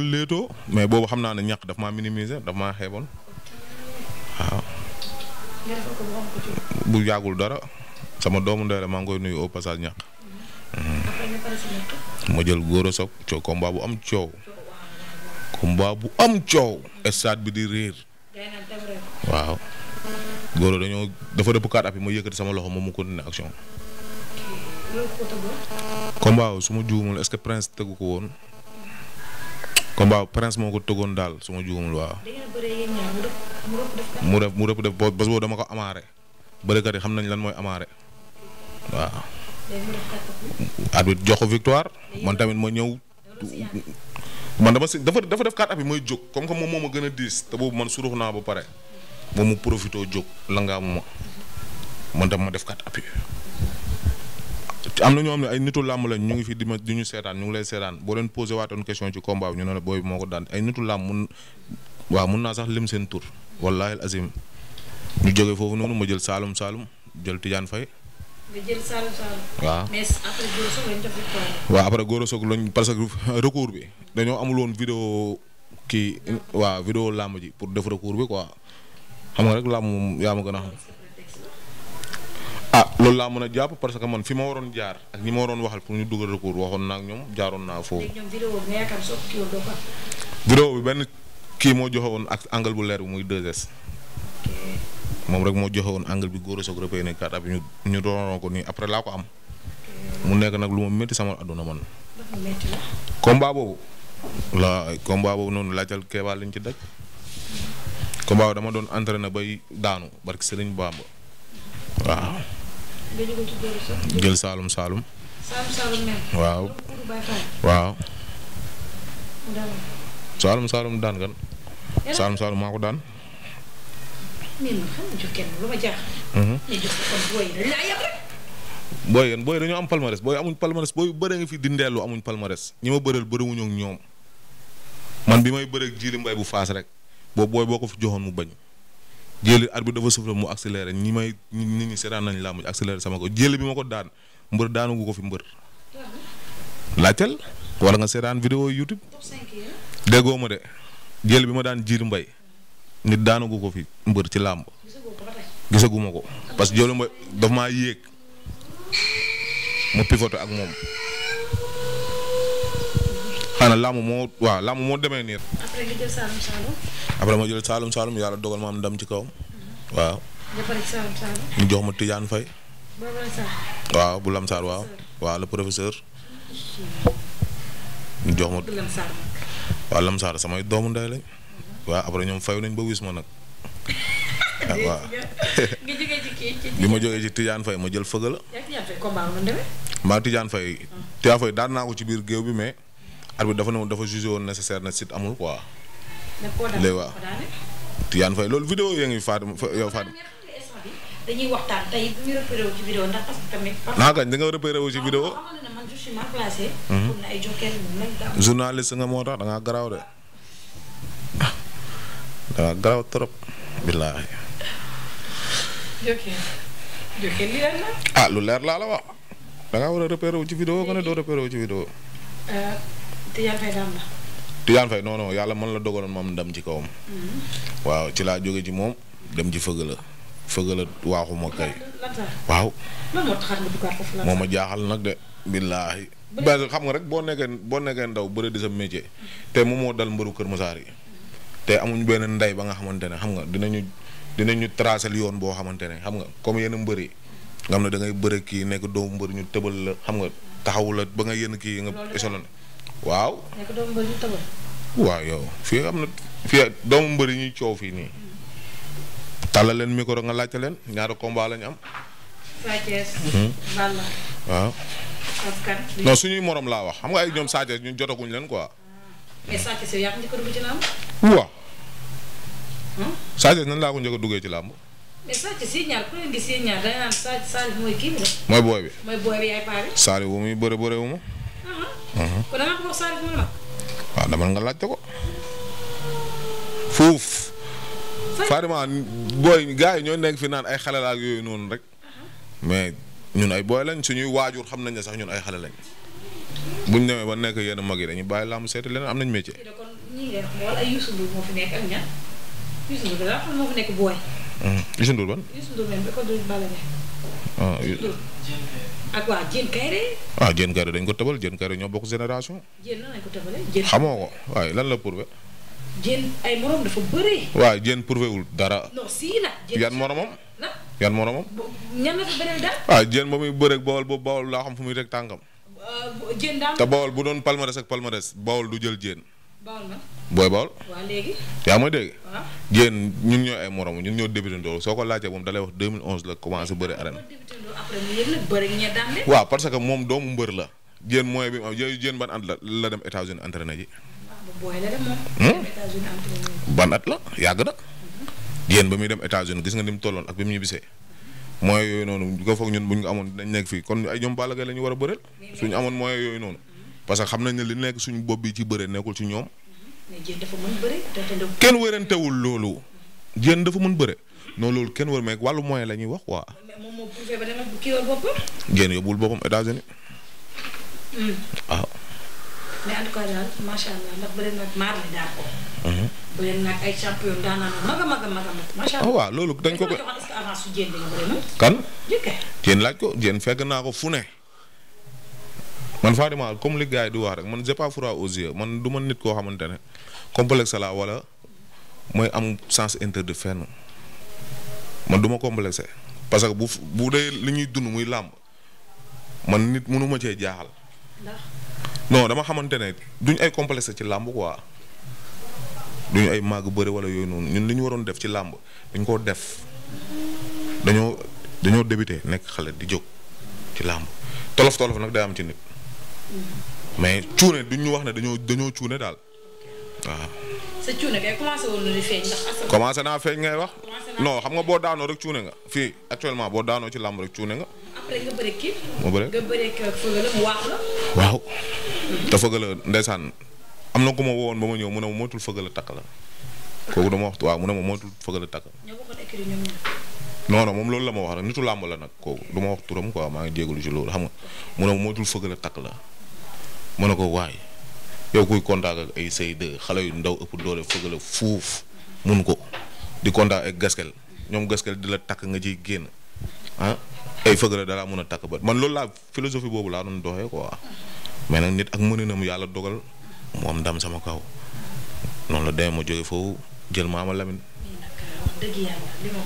léetoo mais boobu xam naa ne ñàkk daf maa minimiser daf maa xeeboon waaw. bu yàggul dara sama doomu ndey la maa ngi koy nuyu au passage ñàkk. Mm-hmm. ma jël góor a soog combat bu am coow. combat bu am coow. stade bi di riir. waaw. góor dañoo dafa dëpp kaat api ma yëkkati sama loxo moom mu continuer action. combat su ma juumul est-ce que prince tegu ko woon. combat prince moo ko tëggoon daal su ma juumul waaw. mu rëpp mu rëpp def bos boobu dama ko amaare bërekat yi xam nañ lan mooy amaare waaw. arbitre jox ko victoire man tamit ma ñëw. man dama si dafa dafa def kaat ab bi may jóg comme que moom moo ma gën a diis te boobu man surux naa ba pare moom mu profité jóg la ngaa ma man tam ma def kaat ab am na ñoo am ne ay nitu làmb lañ ñu ngi fi di ma di ñu seetaan ñu ngi lay seetaan boo leen posé waatoon question ci combat bi ñu booy moo ko daan ay nitu làmb mun waaw mun naa sax lim seen tur wallaahi azim ñu joge foofu noonu ma jël Saalum Saalum jël Tidiane Faye. nga jël Saalum Saalum. après Goro Sock lañ parce que recours bi dañoo amul woon vidéo kii waaw vidéo làmb ji pour def recours bi quoi xam nga rek làmb moom yaa gën a xam. loolu laa mën a jàpp parce que man fi ma waroon jaar ak ñi ma waroon waxal pour ñu dugal recours waxoon naa ak ñoom jaaroon naa foofu. vidéo bi benn kii moo joxe woon ak angle bu leer bi muy 2S. moom rek moo joxe woon angle bi góor a soog rëppee ne kaat ab ñu ñu doonoo ko nii après laa ko am. mu nekk nag lu ma métti sama àdduna man. combat boobu. la combat boobu noonu laa jël keebaa lañ ci daj. combat boobu dama doon na bay daanu barki Sëriñ Bamba waaw. nga Saalum Saalum. Saalum Saalum même. waaw waaw. Saalum Saalum daan kan. Saalum Saalum maa ko daan. mais man xam nga jox kenn lu ma jaaxal. Mhm. mais jox ko kon booy dañ laa yab rek. booy dañoo am palmarès booy amuñ palmarès booy bëre nga fi dindeelu amuñ palmarès ñi ma bëreel bëriwuñu ñoom man bi may bëreeg jiili mbay bu faas rek boobu booy boo ko fi joxoon mu bañ. jël arbitre dafa soufflé mu accéléré ñi may nit ñi seetaan nañ laa mu accéléré sama ko jël bi ma ko daan mbër daan gu ko fi mbër. laajteel wala nga seetaan vidéo YouTube déggoo ma de jël bi ma daan jiir mbay nit daanu gu ko fi mbër ci làmb gisaguma ko parce que jëlu mbay daf maa yéeg ma pivote ak moom. xanaa làmb moo waaw làmb moo demee nii. après nga yàlla dogal ma am ci kawam. Mhm. waaw. nga Lamsaar. Mhm. samay doomu ndey lañ. waaw ma nag. bi ma jógee ci Tidiane ma jël fëgg la. yaa Tidiane maa Tidiane Faye. Tidiane Faye daan naa ko ci biir géew bi mais. arbitre dafa ne dafa jugé woon nécessaire na site amul quoi. léegi waaw Tidiane Faye loolu vidéo yaa ngi Fatou yow Fatou. dañuy waxtaan tey bu ñu repéré wu ci vidéo ndax naa kañ da nga repéré ci vidéo. waaw ah, mhm. nga moo tax da garaaw de ah garaaw trop. billaahi. leer ah lu leer laa la wax da ngaa war a ci vidéo nga ne doo repéré wu ci vidéo. Euh, Tidiane Faye daan yàlla man la dogaloon moom ndam ci kawam. Mm-hmm. waaw ci laa jóge ci moom dem ci fëgg la fëgg la waaxu ma kay. waaw. moo ma jaaxal nag de. billaahi. parce xam nga rek boo nekkee boo nekkee ndaw bëre di sa métier. Mm-hmm. te mu moo dal mbëru Kër Masaar yi. Mm-hmm. te amuñ benn ndey ba nga xamante ne xam nga dinañu dinañu tracer yoon boo xamante ne xam nga comme yenn mbër yi nga xam ne da ngay bëre kii nekk doomu mbër ñu tëbal la xam nga taxawu la ba nga yenn kii nga échelonné. waaw. waaw yow fii am na fii doomu mbër yi ñuy coow fii nii. tàllal leen micro nga laajte leen ñaata combat lañu am. Sa Thiès. Balla. Hmm. waaw. non suñuy morom laa wax xam nga ay ñoom Sa ñu ñun leen quoi. Ah. mais Sa ko njëkk a dugg ci hmm? laa ko njëkk duggee ci làmb. mais mooy kii bi. mooy booy bi. mooy bu muy bëre bëre wu Uh-huh. kon da nga ko wax Salif moom la. nga laajte ko. fuuf. Fadima booy gars yi ñoo nekk fi naan ay xale la yooyu noonu rek. Uh-huh. mais ñun ay booy lañ suñuy waajur xam nañ ne sax ñun ay xale lañ. buñ demee ba nekk yenn mag yi dañuy bàyyi laamu seeti leneen am nañ métier. waa Diène Kairé. waaw ah, Diène Kairé dañ ko tëbal Diène Kairé ñoo bokk génération. Diène ko tëbalee xamoo ko waaye lan la prouvé. Diène ay morom dafa bëri. waaw Diène prouvé wul dara. yan moromam. yan moromam. ñan la fa beneen daal. waaw ah, Diène ba muy bëreeg Bawol boobu Bawol laa xam fu muy rek tànkam. Euh, te Bawol bu doon palmarès ak palmarès Bawol du jël Diène. booy bawol. yaa ma dégg. waaw yéen ñun ñoo ay morom ñun ñoo débuté Ndoo soo ko laajtee moom dalay wax 2011 la commencé bëri arène. waaw parce que moom doomu mbër la. yéen mooy bi am yéen ban la ah, hmm? dem États-Unis entraîné ji. ban at la yàgg na. yéen ba muy dem États-Unis gis nga ni mu tolloon ak bi mu ñibbisee. mooy yooyu noonu ko foog ñun bu ñu amoon dinañ nekk fii kon ay ñoom Balla Gaye la ñu war a bëreel. suñu amoon mooy yooyu noonu. parce que xam nañ ne li nekk suñ bopp bi ci bëre nekkul ci ñoom kenn wérantewul loolu. Diène dafa mën bëre. non loolu kenn wër meeg wàllu moyen la ñuy wax waa. Ah, moom moo prouvé ba dama kii woon boppam. Diène yóbbuwul boppam États-Unis. waaw. Hmm. Ah. mais en tout cas daal macha allah ndax bëri na maar bi daan ko. Mhm. bëri na ak ay champion daan naa mag a mag a mag a mag. macha ah, allah waaw loolu dañ ko. kan Diène laaj ko Diène fekk naa ko fu ne. man Fadima comme li gars yi di wax rek man j'ai pas froid aux man du ma nit koo xamante ne complexe la wala mooy am sens interdit fenn man du ma complexé parce que bu bu dee li ñuy dund muy làmb man nit mënu cee jaaxal. non dama xamante ne duñ ay complexe ci làmb quoi duñu ay màgg bëri wala yooyu noonu ñun li ñu waroon def ci làmb dañ koo def dañoo dañoo débuté nekk xale di jóg ci làmb tolof tolof nag day am ci nit. mais cuune duñ ñu wax ne dañoo dañoo cuune daal waaw. sa naa feeñ ngay wax. non xam nga boo daanoo rek cuune nga fii actuellement boo daanoo ci làmb rek cuune nga. après nga bëri kii. mu wax waaw. te fëgg la ndeysaan am na ku ma woowoon ba ma ñëw mun ne ma moytul fëgg la takk la kooku dama wax mu ne ma moytul fëgg la takk. ñoo bokkoon loolu la ma wax rek nitu làmb la nag kooku du ma wax turam quoi maa ngi ci loolu xam nga mu ne ma moytul fëgg la takk la mën na ko waay yow kuy contact ak ay say deux xale yu ndaw ëpp doole fëgg fuuf mun ko di contact ak gaskel ñoom gaskel di la takk nga ciy génn ah ay fëgg dalaa mën a takk ba man loolu laa philosophie boobu laa doon doxee waa mais nag nit ak na mu yàlla dogal mu am ndam sama kaw noonu la demee ma jóge foofu jël maama ma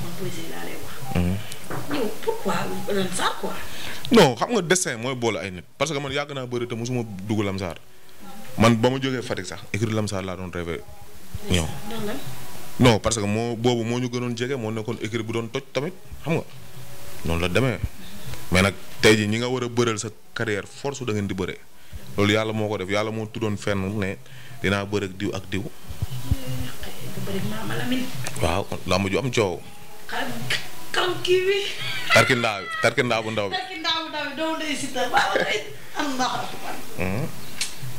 ko posé laa yow xam nga destin mooy boole ay nit parce que man yàgg naa bëri te mosuma dugg Lam Sarr man ba ma jógee Fatick sax écrit Lam Sarr laa doon rêvé ñëw. non parce que moo boobu moo ñu gënoon jege moo nekkoon écrit bu doon toj tamit xam nga noonu la demee mais nag tey jii ñi nga war a bëral sa carrière force da ngeen di bëree loolu yàlla moo ko def yàlla moo tuddoon fenn ne dinaa bëre ak diw ak diw. waaw lamb ju am coow. kaw kii bi. tarkindaa bi tarkindaa bu ndaw bi. tarkindaa bu ndaw bi doomu ndey si tax waaw kay am ndax.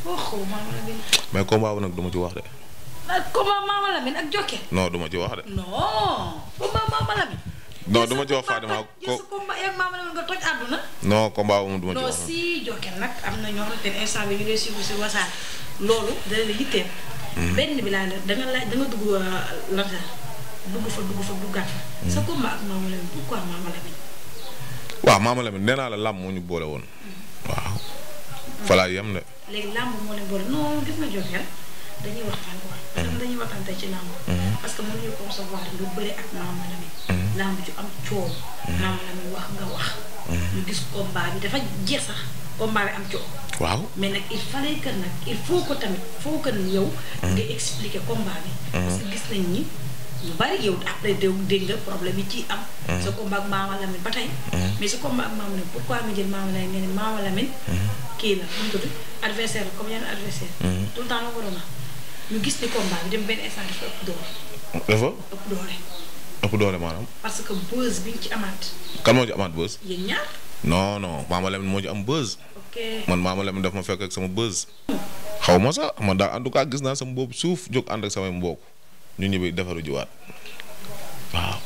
waxoo Mama Lamine. mais combat bu nag du ma ci wax de. ak ah, combat Mama Lamine ak Jokkee. non du ma ci wax de. non combat Mama Lamine. non du ma ci wax Fadima ko combat ak Mama Lamine nga toj àdduna. non combat bu mu du ma ci wax. non si Jokkee nag am na ñoo xamante ne instant bi ñu ngi suivre si wasaare loolu dana la yitteem. Hmm. benn bi laa la da nga laaj da nga dugg euh, lantaa. dugg fa dugg fa duggaat hmm. sa combat ak Mama Lamine pourquoi Mama Lamine. waaw Mama Lamine nee naa la làmb moo ñu boole woon. Hmm. waaw. Hmm. falaa yem de. léegi làmb moo leen boole non gis nga joxe dañuy waxtaan quoi. ñoom wax nga wax. ñu gis combat bi dafa jeex sax combat bi am coow. waaw mais combat bi. parce que gis nañ ni. lu bari yow après dégg nga problème yi ciy am. Mm-hmm. sa combat ak Maama Lamine ba tey. Mm-hmm. mais sa combat ak Maama Lamine pourquoi ma jël Maama Lamine mm-hmm. la mu tudd adversaire bi dem benn instant dafa ëpp doole. dafa ëpp doole. ëpp doole maanaam. parce que buzz bi ñu ci amaat. kan moo ci amaat buzz. ñaar. non non moo ci am buzz. man Maama daf ma fekk ak sama buzz. xaw ma sax man daal en tout cas gis naa sama boobu suuf jóg ànd ak samay mbokk. ñu ñibbi defaru jiwaat waaw.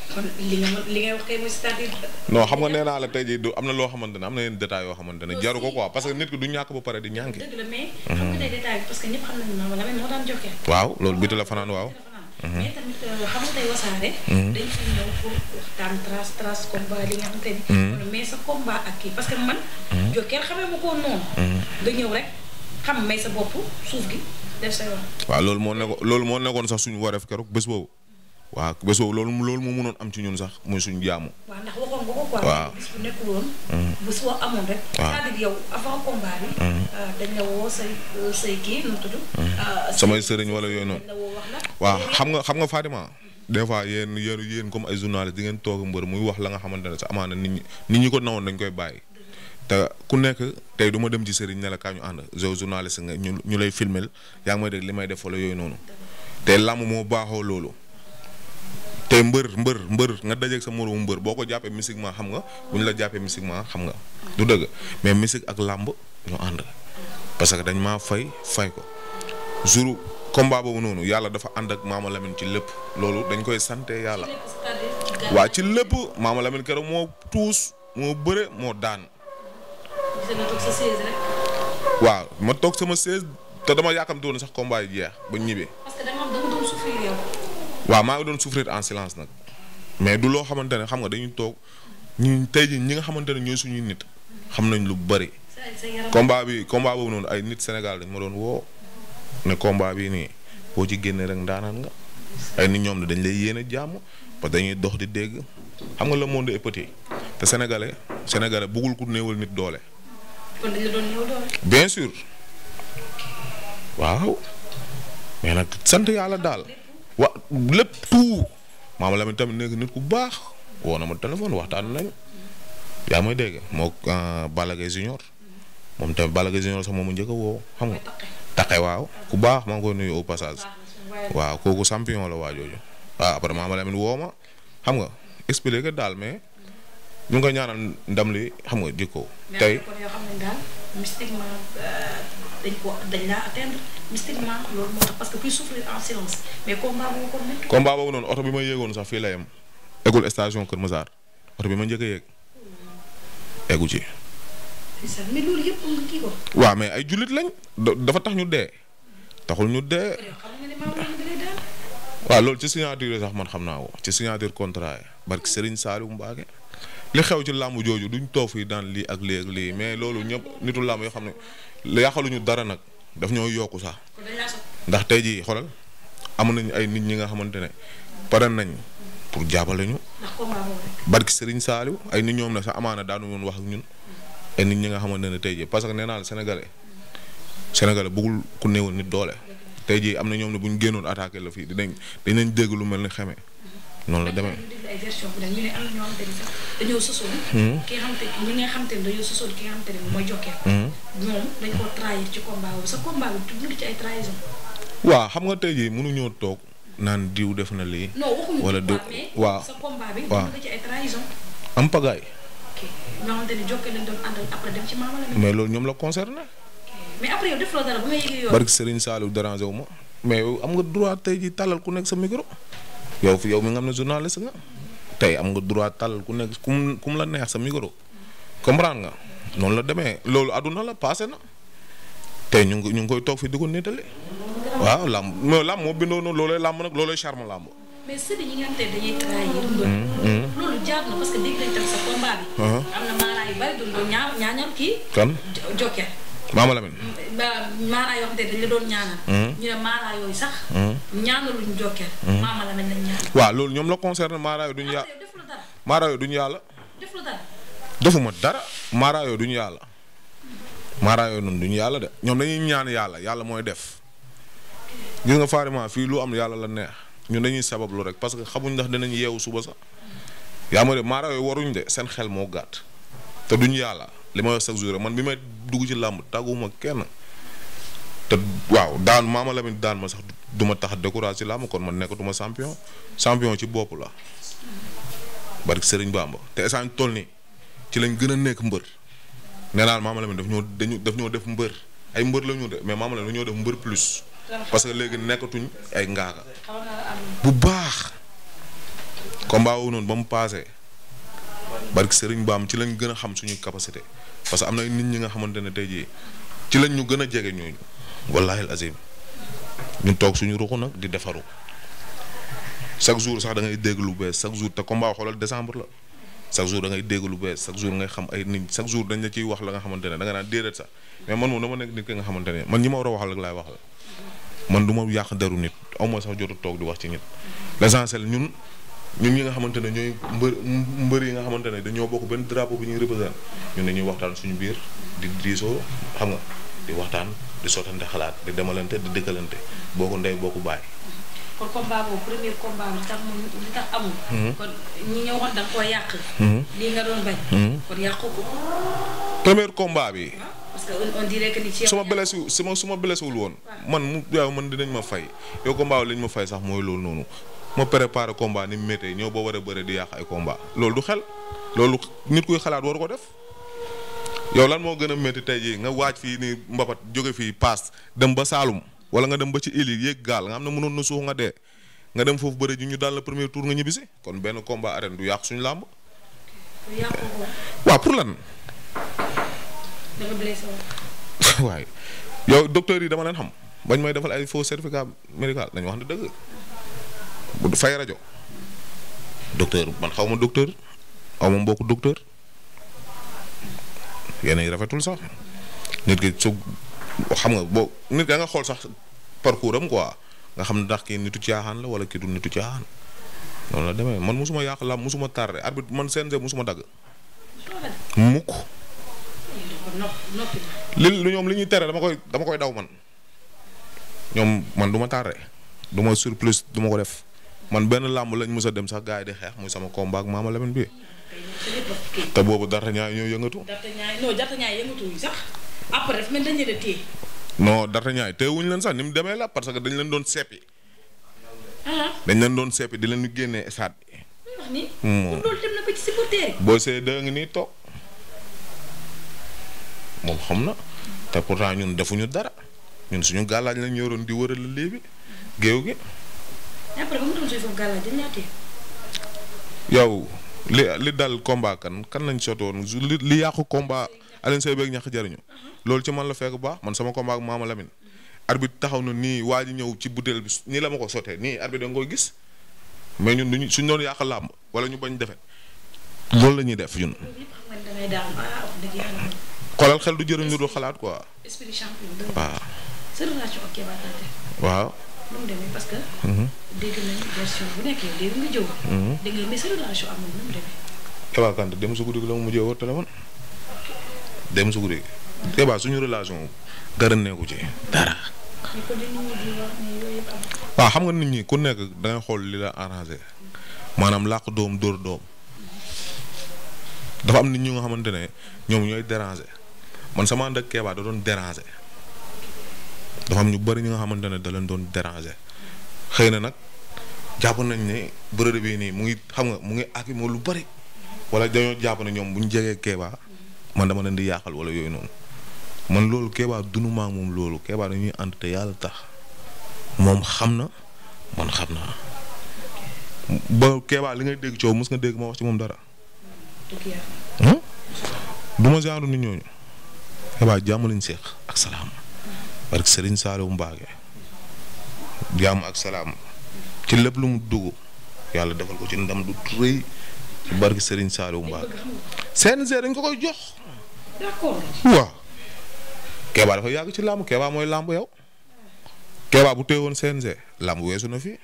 li nga li ngay wax kay mooy c'est-à-dire. non xam nga nee naa la tey jii du am na loo xamante ne am na yenn détails yoo xamante ne jaru ko que nit ki du ñàkk ba pare di ñànki. xam nga ma wala loolu bi la fanaan waaw. noonu. Mhm. nga ñëw rek xam may sa bopp suuf gi. def waaw loolu moo nekkoon loolu moo nekkoon sax suñu wareef keroog bés boobu. waa bés boobu loolu loolu moo mënoon am ci ñun sax mooy suñu jaamu. waaw ndax waxoon nga ko quoi. waaw bés bu nekkul woon. Mm-hmm. bés boo amoon rek. waaw c'est-à-dire yow avant combat mm-hmm. euh, la woo say euh, say kii mu mm-hmm. euh, samay sëriñ wala yooyu noonu. waaw xam nga xam nga Fatima. des fois yéen comme ay journaliste di ngeen toog mbër muy wax la nga xamante ne sax amaana nit ñi nit ñi ko nawoon dañ koy bàyyi. te ku nekk tey du ma dem ci sëriñ ne la kaa ñu ànd yow journaliste lay filmel yaa ngi may dégg li may def wala yooyu noonu te làmb moo baaxoo loolu te mbër mbër mbër nga dajeeg sa moromu mbër boo ko jàppee mystiquement xam nga bu ñu la jàppee mystiquement xam nga du dëgg mais mystique ak làmb ñu ànd parce que dañ maa fay fay ko jour combat boobu noonu yàlla dafa ànd ak maama Lamine ci lépp loolu dañ koy sante yàlla waa ci lépp maama Lamine keroog moo tuus moo bëre moo daan xamante ne waaw ma toog sama chaise te dama yàkkamti woon sax combat yi jeex ba ñibbee. parce que nga doon souffrir en silence nag mais du loo xamante ne xam nga dañu toog ñu tey jii ñi nga xamante ne ñooy suñuy nit xam nañ lu bari combat bi combat boobu noonu ay nit Sénégal dañ ma doon woo ne combat bi nii boo ci génnee rek ndaanaan nga ay nit ñoom dañ lay yéene jàmm parce que dañuy dox di dégg xam nga la monde est petit te sénégalais sénégalais bëggul ku néewal nit doole. kon dañu bien sûr waaw mais nag sant yàlla daal. wa lépp tout maama Lamine tamit nekk nit ku baax woo na ma téléphone waxtaan nañu. yaa may dégg moo euh, Balla Gaye junior moom tamit Balla Gaye junior sax moom mu njëkk a woow xam nga. taqe waaw ku baax maa ngi koy passage. waaw kooku champion la waa jooju. waaw ah, après maama Lamine woo ma xam nga expliqué daal mais. ñu ngi ñaanal ndam li xam nga di ko. tey kon yoo xam euh, ko dañ laa oto bi ma yéegoon sax fii yem. eggul station Kër Massar oto bi ma njëkk a yéeg. eggu ci. waa mais ay jullit lañ. dafa tax ñu dee. taxul ñu dee. waaw loolu ci signature sax man xam naa ko ci signature contrat yi barki Serigne Saliou Mbacké li xew ci làmb jooju duñ toog fii daan lii ak lii ak lii mais loolu ñëpp nitu làmb yoo xam ne yàqaluñu dara nag daf ñoo yokku sax ndax tey jii xoolal am nañu ay nit ñi nga xamante ne pare nañ pour jàppale ñu. barki Serigne Saliou ay nit ñoom na sax amaana daanu woon wax ak ñun ay nit ñi nga xamante ne tey jii parce que nee naa la sénégalais sénégalais bëggul ku néewal nit doole. tey jii am na ñoom ne bu ñu génnoon attaqué la fii dinañ dinañ dégg lu mel ni xeme noonu la demee ay dañoo sosoon hmm. ki nga xamante ñi nga ni dañoo sosoon ki nga xamante ni mooy jokkee hmm. ko trahir xam nga tey jii mënuñoo toog naan diw def na lii wala diw waaw mais loolu ñoom la concerné mais après yow def loo wu ma mais am nga droit tey jii tàllal ku nekk sa micro yow fi yow mi nga xam ne journaliste nga tey am nga droit tàll ku nekk kum la neex sa micro comprendre nga noonu la demee loolu àdduna la passé na tey ñu ngi ñu ngi koy toog fi di ko nettali waaw làmb mais làmb moo bindoo noonu loolay làmb nag loolay charme làmb. Hmm, hmm. uh-huh. kan maama Lamine. maara hmm. sax. Hmm. ñaanaluñ hmm. loolu ñoom la concerne maara duñ duñu yàlla maara yooyu duñu yàlla. def lu dara. defuma dara maara yooyu duñu yàlla. maara yooyu noonu duñu yàlla de ñoom dañuy ñaan yàlla yàlla mooy def. gis nga faariment fii lu am yàlla la neex ñun dañuy sabablu rek parce que xamuñ ndax dinañ yeewu suba sax. yaa ma de maara waruñ de seen xel moo gàtt te duñu yàlla. li ma wax chaque man bi may dugg ci làmb tàgguma kenn te waaw daan maama Lamine daan ma sax duma tax décourage ci làmb kon man nekkatuma champion champion ci bopp la barke Sëriñ Bamba te esaan toll ni ci lañ gën a nekk mbër nee naa maama Lamine daf ñoo dañu daf ñoo def mbër ay mbër la ñu de mais maama Lamine dañoo def mbër plus parce que léegi nekkatuñ ay ngaaka bu baax comme wu noonu ba mu paasee barke Serigne am ci lañ gën a xam suñu capacité parce que am na nit ñi nga xamante ne tey jii ci lañ ñu gën a jege ñooñu wallaahi azim ñu toog suñu ruxu nag di defaru chaque jour sax dangay ngay dégg lu bees chaque jour te combat xoolal décembre la chaque ngay lu bees chaque jour ngay xam ay nit chaque jour dañ la ci wax la nga xamante ne da nga naan déedéet sax mais man moom dama nekk nit ki nga xamante ne man ñi ma war a waxal rek laay waxal man du yàq deru nit aw ma sax jotu toog di wax ci nit l'essentiel ñun ñu ñi nga xamante ne ñooy mbër mbër yi nga xamante ne dañoo bokk benn drapeau bi ñuy représenté ñun ñuy waxtaan suñu biir di diisoo xam nga di waxtaan di sottante xalaat di demalante di dëkkalante boo ko ndey boo ko bàyyi. kon combat boobu premier combat bi tax mu hmm. hmm. hmm. ah, su ma blessé su ma su woon. man mu waaw man dinañ ma fay yow combat lañ ma fay sax mooy loolu noonu ma préparé combat ni mu méttee ñëw boo waree a bëre di yàq ay combat loolu du xel loolu nit kuy xalaat waru ko def yow lan moo gën a métti tey jii nga waaj fii ni mbapat jóge fii paas dem ba Saalum wala nga dem ba ci île yi yéeg gaal nga xam ne mënoon na suux nga dee nga dem foofu bëre ji ñu daan la premier tour nga ñibbisi kon benn combat arène du yàq suñu làmb. waaw pour lan. waaye yow docteur yi dama leen xam bañ may defal ay faux certificat médical nañu wax ne dëgg. bu fay rajo docteur man xaw ma docteur aw ma mbokku docteur yenn yi rafetul sax nit ki su xam nga boo nit ki nga xool sax parcours am quoi nga xam ndax kii nitu caaxaan la wala kii du nitu caaxaan noonu la demee man mosuma yàq la mosuma tardé arbitre man CNG mosuma dagg. mukk li ñoom li ñuy tere dama koy dama koy daw man ñoom man du ma tardé du ma surplus du ma ko def. man benn làmb lañ mës a dem sax gars yi di xeex muy sama combat ak Maama Lamine bi te boobu darta ñaay ñoo yëngatu. darta ñaay non darta ñaay yëngatuwuñ sax leen sax ni mu demee la parce que dañ leen doon seppi. Ah. dañ leen doon seppi di leen génnee stade bi. wax ni. moom loolu boo see dëng nii toog moom xam na te pourtant ñun defuñu dara ñun suñu gàllaaj lañ yoroon di wërale lii géew gi. après yow li li dal combat kan kan lañ sotoon li li yàqu combat Alioune Seye beeg jariñu uh-huh. loolu ci man la fekk baax man sama combat ak Maama Lamine. arbitre taxaw na nii waa ji ñëw ci butéel bi nii la ma ko sottee nii arbitre da nga koy gis mais ñun duñu suñ doon yàq làmb wala ñu bañ defe loolu lañuy def ñun. xoolal xel du jëriñ lu dul xalaat quoi. waaw. nu mu demee parce que. Mhm. Mhm. mu demee. dem su guddi gi la woo téléphone dem su guddi eh suñu relation dara nekku ci dara. waaw xam nga nit ñi ku nekk da xool li la arrangé maanaam làq doom dóor doom dafa am nit ñi nga xamante ne ñoom ñooy déranger man sama ànd ak Keba da doon déranger. dafa xam ñu bari ñi nga xamante ne da leen doon déranger xëy na nag jàpp nañ ne bërëb bi nii mu ngi xam nga mu ngi ak moo lu bari wala dañoo jàpp ne ñoom bu jegee Kéba man dama leen di wala yooyu noonu man loolu Kéba dunu maa moom loolu Kéba dañuy ànd te yàlla tax moom xam na man xam naa ba Kéba li ngay dégg coow mos nga dégg ma ci moom dara. Hmm? du ma genre nit ñooñu Kéba jàmm lañ seex ak salaam. parce que Serigne Saliou Mbacké jàmm ak salaam ci lépp lu mu dugg yàlla defal ko ci ndam du rëy ci barke Serigne Saliou Mbacké CNG dañ ko koy jox. d'accord waaw. Kéba dafa yàgg ci làmb Kéba mooy làmb yow. Kéba bu téyewoon CNG làmb weesu na fi.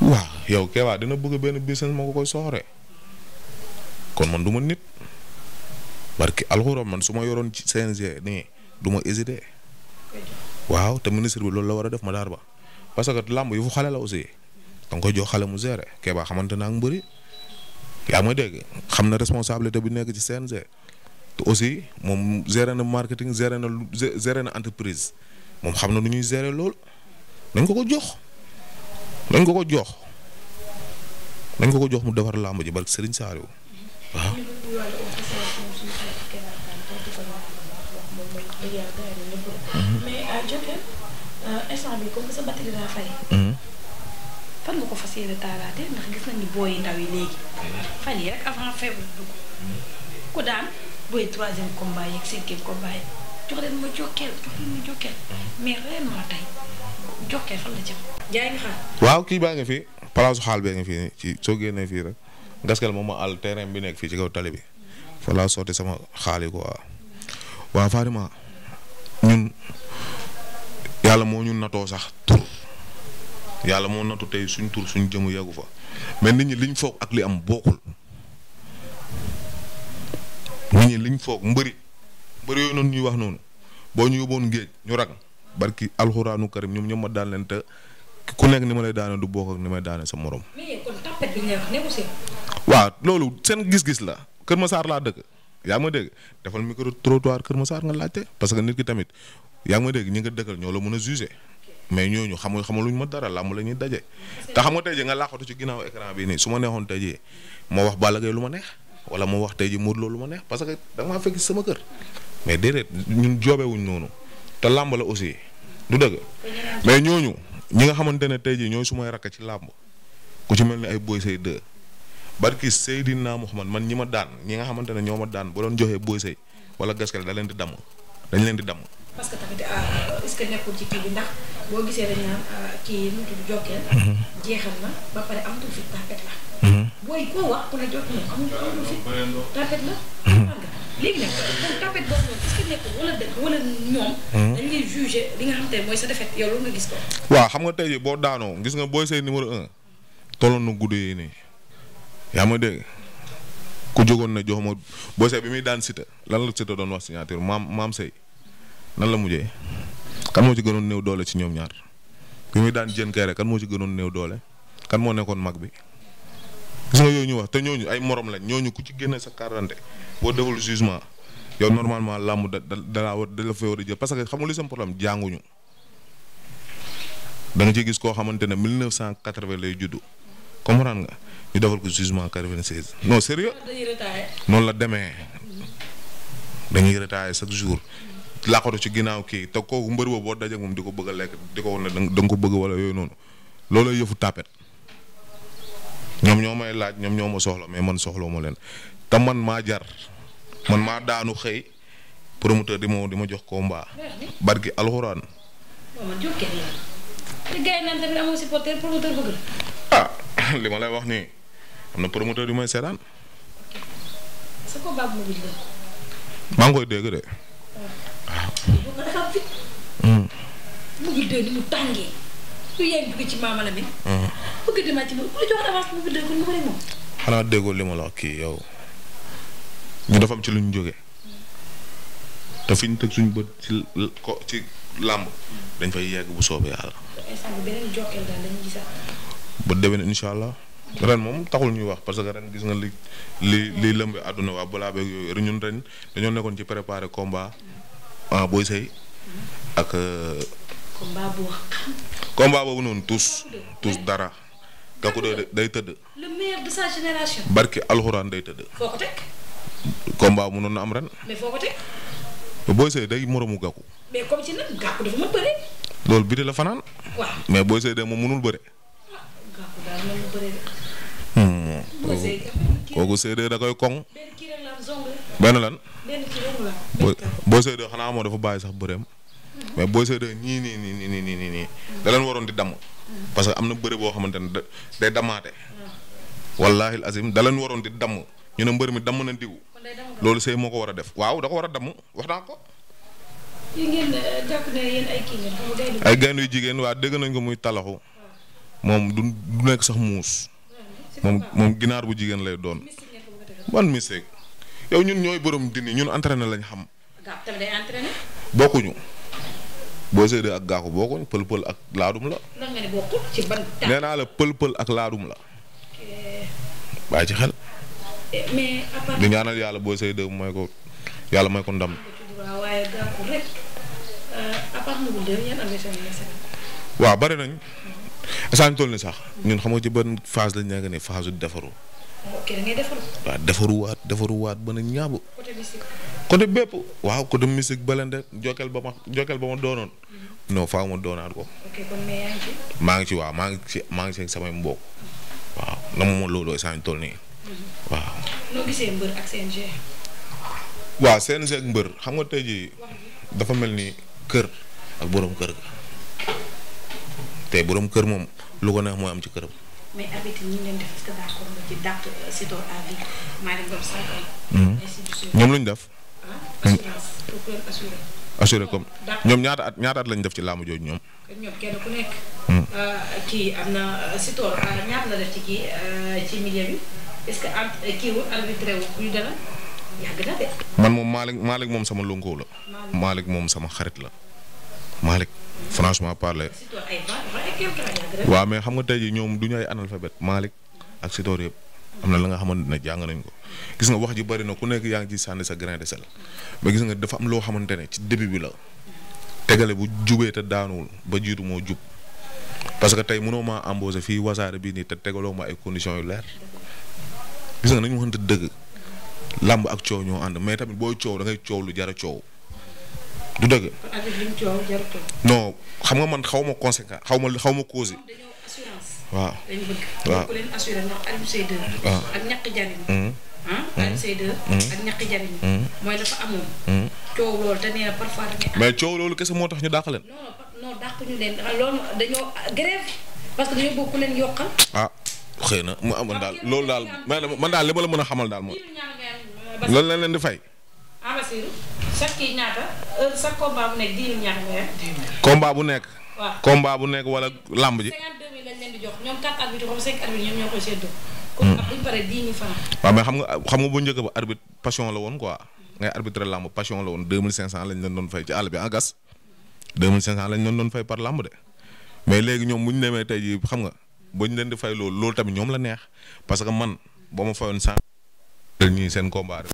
waaw yow Kéba dina bëgg benn business moo ko koy soxoree. kon man du ma nit. barki alxuraan man su ma yoroon ci CNG nii du ma hésité waaw te ministre bi loolu la war a def ma daar ba parce que làmb yi fu xale la aussi da koy jox xale mu gérer kee ba xamante naa mbëri yaa may dégg xam na responsabilité bi nekk ci CNG te aussi moom gérer na marketing gérer na gérer na entreprise moom xam na nu ñuy gérer lool nañ ko ko jox nañ ko ko jox nañ ko ko jox mu defar làmb ji barke Serigne Saliou waaw. waaw kii baa ngi fi palaasu xaal bee ngi fi ci soo génnee fii rek gaskel moom ma àll terrain bi nekk fii ci kaw tali bi fa sotti sama xaal ko quoi waaw Fatima. ñun yàlla moo ñu natoo sax tur yàlla moo nattu tey suñ tur suñ jëmu yeggu fa mais nit ñi liñ foog ak li am bokkul nit ñi liñ foog mbëri mbëri yooyu noonu ñuy wax noonu boo ñu yóbboon géej ñu rag barki alxuraanu karim ñoom ñoom ma daan leen te ku nekk ni ma lay daane du bokk ni may daane sa moroom waa loolu seen gis-gis la Kër Massar laa dëkk. yaa ma dégg defal micro trottoir Kër saar nga laajte parce que nit ki tamit yaa ngi ma dégg ñu nga dëkkal ñoo la mën a jugé mais ñooñu xamul xamaluñ ma dara làmb la ñuy daje. te xam nga tey jii nga laaxatu ci ginnaaw écran bi nii su ma neexoon tey jii moo wax Balla Gaye lu ma neex wala moo wax tey ji Modou Lo lu ma neex parce que da maa fekk sama kër mais déedéet ñun joobewuñ noonu te làmb la aussi du dëgg mais ñooñu ñi nga xamante ne tey jii ñooy su ma rakk ci làmb ku ci mel ni ay Boy barki Seydina Muhammad man ñi ma daan ñi nga xamante ne ñoo ma daan ba doon joxee Boy Seye wala gaskale da leen di damm dañ leen di dam parce que tamit ah, est-ce dañ naan ah, kii nu mu xam nga tey boo daanoo gis nga Boy Seye numéro un tolloon na guddi nii. yaa ma dégg ku jógoon na jox boo seet bi muy daan sita lan la sita doon wax signature maam maam sëy nan la mujjee kan moo ci gënoon néew doole ci ñoom ñaar bi muy daan jën kay rek kan moo ci gënoon néew doole kan moo nekkoon mag bi. gis nga yooyu ñu wax te ñooñu ay moroom lañ ñooñu ku ci génne sa quarante boo deful jugement yow normalement làmb da da da la fay war a jël parce que xam nga li sama problème jànguñu. da nga ciy gis koo xamante ne 1980 lay juddu comprendre nga ñu defal ko jugement 96 non sérieux noonu la demee dañuy retaillé chaque jour laqatu ci ginnaaw kii te kooku mbër boobu boo dajee moom di ko bëgg a lekk di ko wane da nga ko bëgg wala yooyu noonu looloo yëfu tàppet ñoom ñoo may laaj ñoom ñoo ma soxla mais man soxla ma leen te man maa jar man maa daanu xëy promoteur di ma di ma jox combat barki alxuraan. ah li ma lay wax nii. am na promoteur yu may seetaan. sa combat ak mobile la. maa koy dégg de. Ah. Hmm. Hmm. waaw. xanaa déggoo li ma la kii yow. ñu dafa ci lu ñu jógee. te fi ñu teg suñu bët ci làmb. dañ fay yegg bu soobee yàlla. ba na incha allah. ren moom taxul ñuy wax parce que ren gis nga li lii li lëmbe àdduna waa balaa beeg yooyu ñun ren dañoo nekkoon ci préparer combat ah booy sëy ak. Euh, boobu. combat boobu noonu tous tous dara. kooku day tëdd. le barki alxuraan day tëdd. foo ko teg. mënoon na am ren. mais foo ko teg. booy sëy day moromu gàkku. loolu bi de la fanaan. mais booy sëy de moom mënul bëre. Ah, kooku séeréer da koy koŋ. benn lan. boo séeréer xanaa moo dafa bàyyi sax bëreem. mais boo séeréer ñii nii nii nii nii nii da leen waroon di damm. parce que am na bëre boo xamante ne day damaate. wallaahi azim da leen waroon di damm ñu ne mbër mi damm na diw. loolu sëy moo ko war a def waaw da ko war a damm wax naa ko. Euh, ay gaynde yu jigéen waa dégg nañ ko muy talaxu moom du du nekk sax muus. moom moom ginaar bu jigéen lay doon. wan mistake yow ñun ñooy borom dini ñun entraîné lañ xam. bokkuñu boo séedee ak gaaku bokkuñ pël pël ak laadum la. lan ne bokkul la pël pël ak laadum la. bàyyi ci xel. Eh, mais ñaanal yàlla boo séedee mooy ko yàlla mooy ko ndam. waaye gaaku euh, nañ. instant toll ni sax ñun xam nga ci benn phase lañ nekk ne phase du defaru. ok defaruwaat defaruwaat ba nag ñaabu. côté musique. bépp waaw ko musique balande jokkeel ma jokkeel ba ma doonoon. Mm-hmm. non faaw ma doonaat ko. maa ngi ci waaw maa ngi ci maa ngi ci samay mbokk. waaw na ma mën loolu instant toll nii. Mm-hmm. waaw. noo gisee mbër ak CNG. waaw ak mbër xam nga tey jii dafa mel ni kër ak borom kër ga. te borom kër moom lu ko neex mooy am ci këram. mais arbitre def est-ce que d'accord euh, mhm. ñoom lu def. assurance comme ñoom ñaata at ñaata at lañ def ci laamu jooju ñoom. ñoom man moom Malick Malick moom sama lonko la. maalik moom sama xarit la Malick. franchement parler. waaw mais xam nga tey jii ñoom du ñu ay analphabète Malick ak Sitor yëpp am na la nga xamante ne jàng nañ ko gis nga wax ji bari na ku nekk yaa ngi ci sànni sa grain de sel mais gis nga dafa am loo xamante ne ci début bi la tegale bu jubee te daanuwul ba jiitu moo jub parce que tey mënoo maa embauché fii wasaare bii nii te tegaloo ma ay conditions yu leer gis nga nañu waxante dëgg làmb ak coow ñoo ànd mais tamit booy coow da ngay coow lu jar a coow. du dëgg. non xam nga man xaw ma conséquent xaw ma xaw ma causé. waaw waaw waaw. Mm-hmm. Ah, mm-hmm. mm-hmm. loolu te mais coow loolu kese moo tax ñu dàq leen. non ah, dañoo ah, grève parce que dañoo bokk leen yokkal. ah xëy na mu amoon daal loolu daal man daal li ma la mën a xamal daal mooy. lan lañ leen di fay. Amacir euh, chaque bu nekk diiru bu nekk. wala làmb ji. 52000 lañ leen di jox ñoom 4 arbitres comme 5 arbitres ñoom ñoo koy séddoo. Hmm. kon bu ñu mais xam nga bu njëkk ba passion la woon quoi. ngay arbitre làmb passion la woon 2500 lañ leen doon fay ci àll bi en gas. 2500 lañ leen doon fay par làmb de mais léegi ñoom bu ñu demee tey xam nga ba ñu leen di fay loolu loolu tamit ñoom la neex parce que man boo ma fayoon sànq. ñii seen combat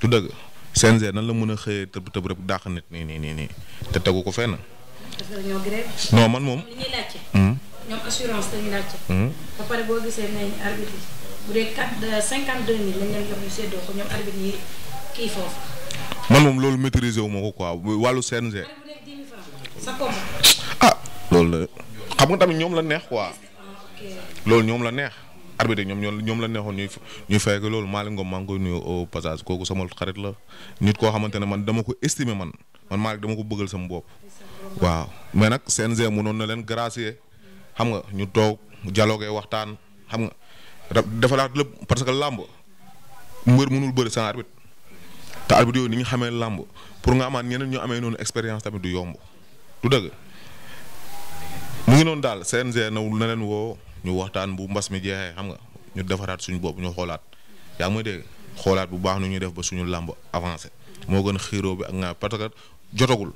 du dëgg CNG nan la mën a xëyee tëb tëb rek dàq nit nii nii nii nii te tegu ko fenn. non man moom. li hmm. hmm. euh, man moom loolu maîtriser wu ma ko quoi wàllu CNG. ah loolu la xam nga tamit ñoom la neex quoi. Ah, loolu ñoom la neex. arbitre ñoom ñoo ñoom la neexoon ñuy ñuy fay ko loolu Malick Ngom maa ngi koy nuyu au passage kooku sama xarit la nit koo xamante ne man dama ko estimer man man Malick dama ko bëggal sama bopp. waaw mais nag CNG mënoon na leen gracier xam nga ñu toog dialogue waxtaan xam nga dafa laat parce que làmb mbër mënul bëri sans arbitre te arbitre yooyu ni ñu xamee làmb pour nga amaan ñeneen ñu amee noonu expérience tamit du yomb du dëgg mu ngi noonu daal CNG na na leen woo. ñu waxtaan bu mbas mi jeexee xam nga ñu defaraat suñu boobu ñu xoolaat yaa ngi may dégg xoolaat bu baax nu ñuy def ba suñu làmb avancé moo gën xiiro bi ak nga parce que jotagul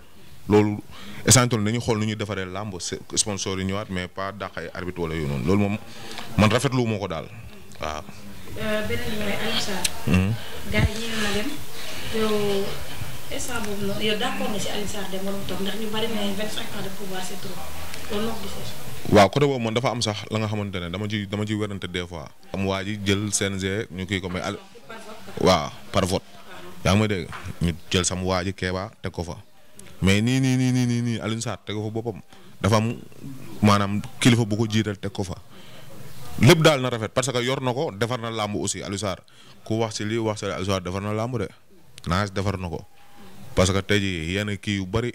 loolu essentiel nañu xool nu ñuy defaree làmb sponsor yi ñëwaat mais pas dàq ay arbitre wala yooyu noonu loolu moom man rafetlu moo ko daal waaw. Euh, waaw côté boobu man dafa am sax la nga xamante ne dama ci dama ciy des fois. am waa ji jël CNG ñu kii ko may al. waaw par vote. yaa ngi ñu jël sam waa ji Kéba teg ko fa mais nii nii nii nii nii nii Alioune Sarr teg ko fa dafa am maanaam kilifa bu ko jiital teg ko fa. lépp daal na rafet parce que yor na ko defar na làmb aussi Alioune Sarr ku wax si lii wax si Alioune Sarr defar na defar na ko parce que tey jii yenn kii yu bari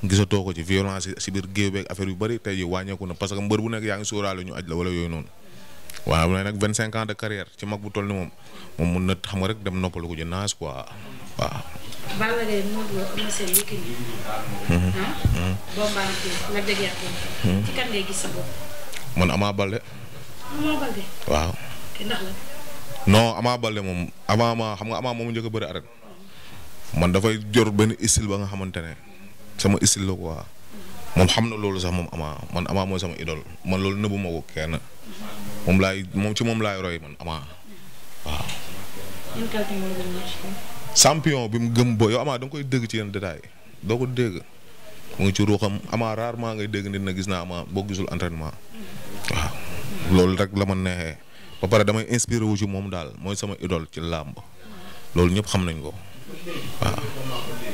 gisatoo ko ci violence si biir géew beeg affaire yu bëri tey jii wàññeeku na parce que mbër bu nekk yaa ngi sóoraale ñu aj la wala yooyu noonu waaw mu ne nag vingt cinq ans de carrière ci moom moom na xam nga rek dem noppalu ko ji naas quoi waaw. Balla Gaye mhm. ah, mhm. man Ama Baldé. waaw. non Ama Baldé moom avant ma xam nga Ama moomu njëkk a bëri arène. man dafay jor benn style ba nga xamante ne. sama style la quoi moom xam na loolu sax moom amaa man amaa mooy sama idole man loolu nëbbu ma ko kenn moom laay moom ci moom laay roy man Ama waaw. bi mu gëm boo yow amaa da koy dégg ci yenn détail doo ko dégg mu ngi ci ruuxam amaa rarement ngay dégg nit na gis naa Ama boo gisul entraînement waaw loolu rek la ma neexee ba pare damay inspiré wu ci moom daal mooy sama idole ci làmb loolu ñëpp xam nañ ko waaw.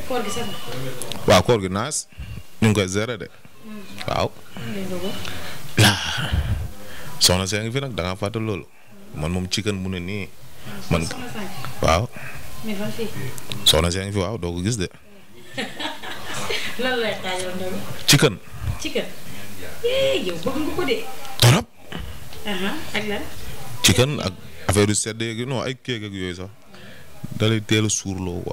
koor gi waaw koor naas ñu ngi koy gérer de. waaw. soxna see ngi fi nag da ngaa fàtte loolu. man moom ci mu ne nii. man waaw. soxna ngi fi waaw doo ko gis de. lan lay xaajoon ci kan. ak lan. yu sedd yeeg non ay kéeg ak yooyu sax. da lay teel a suurloo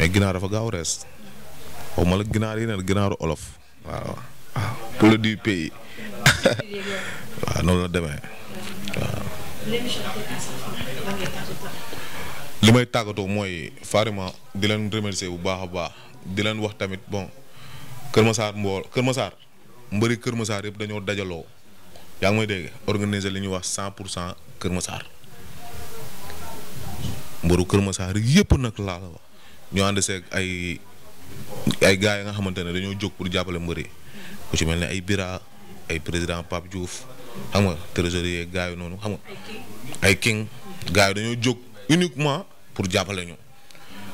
mais ginaar dafa gaaw rees waxuma la ginaar yi neen ginaaru olof waaw waaw poulet du pays waaw noonu la demee waaw. li may tàggatoo mooy farima di leen remercier bu baax a baax di leen wax tamit bon Kër Massar mbool Kër Massar mbëri Kër Massar yëpp dañoo dajaloo yaa ngi may dégg organiser li ñuy wax cent pour cent Kër Massar mbëru Kër Massar yëpp nag laa la ñu ànd seeg ay ay gars yi nga xamante ne dañoo jóg pour jàppale mbër yi ku ci mel ni ay Bira ay président Pape Diouf xam nga trésorier gars yi noonu xam nga ay King gars yi dañoo jóg uniquement pour jàppale ñu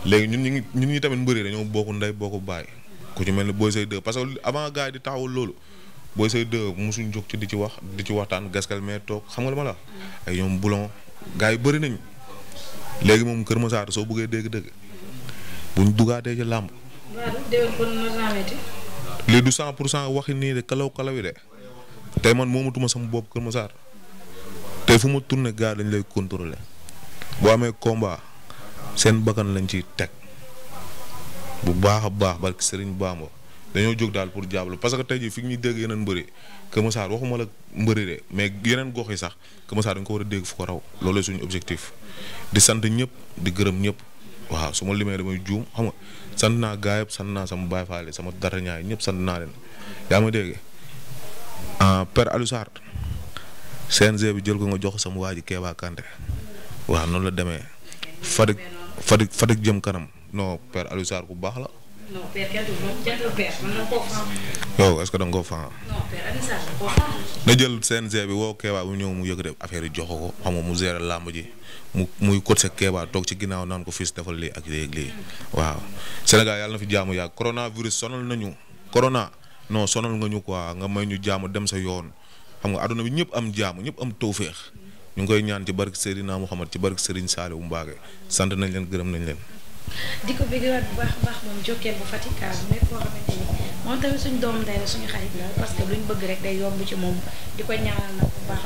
léegi ñun ñu ngi ñun ñi tamit mbër yi dañoo bokk ndey bokk baay ku ci mel ni Boy Seye 2 parce que avant gars di taxawul loolu Boy Seye 2 suñ jóg ci di ci wax di ci waxtaan gaskal mais toog xam nga lu ma la ay ñoom boulon gars yi bëri nañu léegi moom Kër Massar soo bëggee dégg-dégg. buñ dugaatee ci làmb. lii du cent pour cent waxi nii de kalaw kalaw yi de tey man moomatuma sama bopp Kër Massar tey fu ma tourné gaa dañ lay contrôler boo amee combat seen bakkan lañ ci teg bu baax a baax barki Serigne Bamba dañoo jóg daal pour jaablo parce que tey jii fi ñu dégg yeneen mbëri Kër Massar waxuma la mbëri de mais yeneen gox yi sax Kër Massar dañ ko war a dégg fu ko raw loolu suñu objectif di sant ñëpp di gërëm ñëpp. waaw su ma limee damay juum xam nga sant naa gaa yëpp sant naa sama baay faale sama dara ñaay ñëpp sant naa leen yaa ma dégg ah, Père Alioune Sarr CNG bi jël ko nga jox sama waa ji Kéba Kanté noonu la demee Fatick Fatick Fatick jëm kanam non Père Alioune Sarr ku baax la. non yow est-ce que da nga koo na jël CNG bi woo Kéba mu ñëw mu yëkkati affaire yi jox ko xam nga mu gérer làmb ji mu muy cote sa Kéba toog ci ginnaaw naan ko fii defal lii ak léeg-léeg waaw senegal yàlla na fi jaamu yàgg coronavirus sonal nañu corona non sonal nga ñu ko nga may ñu jaamu dem sa yoon xam nga àdduna bi ñëpp am jaamu ñëpp am tawféex ñu ngi koy ñaan ci naa mu Muhammad ci barke Serigne Saliou Mbacké sant nañ leen gërëm nañu leen. di ko bëggewaat bu baax a baax moom jokkeel bu Fatick bu ah, nekk koo xamante ni moom tamit suñu doom day la suñu xarit la parce que luñ bëgg rek day yomb ci moom di mu wax TV damay ah, wax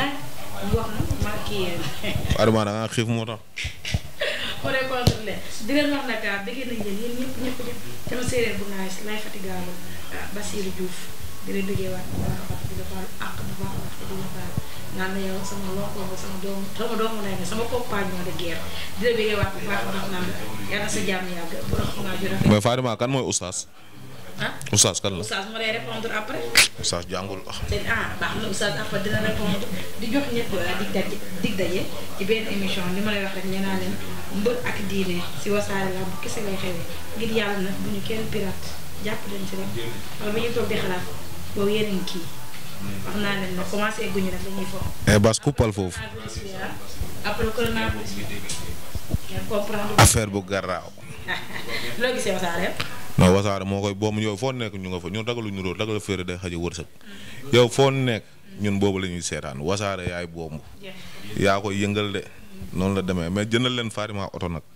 daal ñu wax kii Arma da nga xiif moo tax pour contre leen di leen ah, bëggee nañ leen yéen ñëpp ñëpp ñëpp dama séeréer bu naagis lay fatigaalu ah, Basirou Diouf di bëggee waat bu baax a baax di la baal àq di la baal bëggee waat bu baax a baax naan yàlla sa jàmm yàgg bu rax naa ju rafet. mais Fatima kan mooy oustaz. Oustaz kan la Oustaz jàngul ah. di jox ñëpp ah, dig daje ci benn émission li ma lay wax rek ñu naan leen mbër ak diine si wasaare la bu kese xewee ngir yàlla nag bu kenn pirate jàpp leen ci rek wala bu ñuy toog di xalaat boobu yeneen kii wax naa leen nag commencé egguñu nag dañuy foofu. eh kuppal foofu. affaire bu garaaw. loo gisee wasaare. non wasaare moo koy boom yow foo nekk ñu nga fa ñun ragalu ñu róor ragal féere day xaj a wërsëg yow foo nekk ñun boobu la ñuy seetaan wasaare yaay boombu yaa koy yëngal de noonu la demee mais jëndal leen Farima oto nag